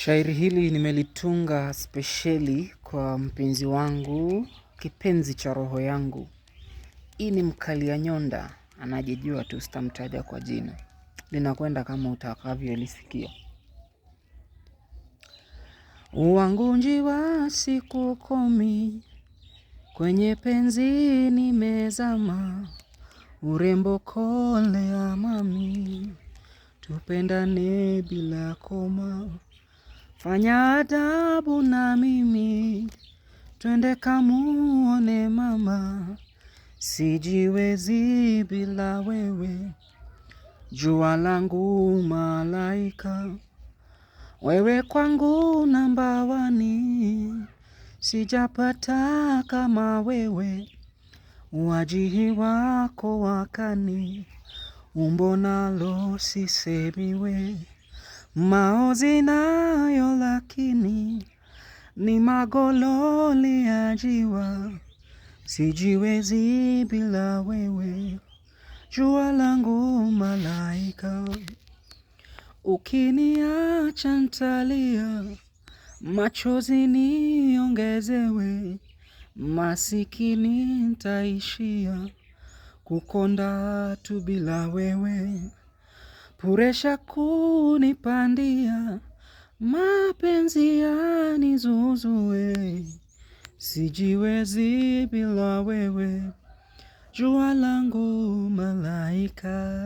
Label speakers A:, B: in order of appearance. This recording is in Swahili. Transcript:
A: Shairi hili nimelitunga spesheli kwa mpenzi wangu, kipenzi cha roho yangu. Hii ni mkali nyonda, anajijua tu sitamtaja kwa jina. Linakwenda kama utakavyolisikia. Uangunji wa siku kumi, kwenye penzi nimezama. Urembo kolea mami, tupendane bila koma. Fanya adabu na mimi, twende kamuone mama, sijiwezi bila wewe, jua langu malaika, wewe kwangu namba wani, sijapata kama wewe, wajihi wako wakani, umbo nalo sisemiwe maozi nayo, lakini ni magololi ya jiwa. Sijiwezi bila wewe, jua langu malaika. Ukiniacha ntalia, machozi niongezewe, masikini ntaishia kukonda tu bila wewe. Puresha kunipandia mapenzi yanizuzue, sijiwezi bila wewe, jua langu malaika.